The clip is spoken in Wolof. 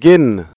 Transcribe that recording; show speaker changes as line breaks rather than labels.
génn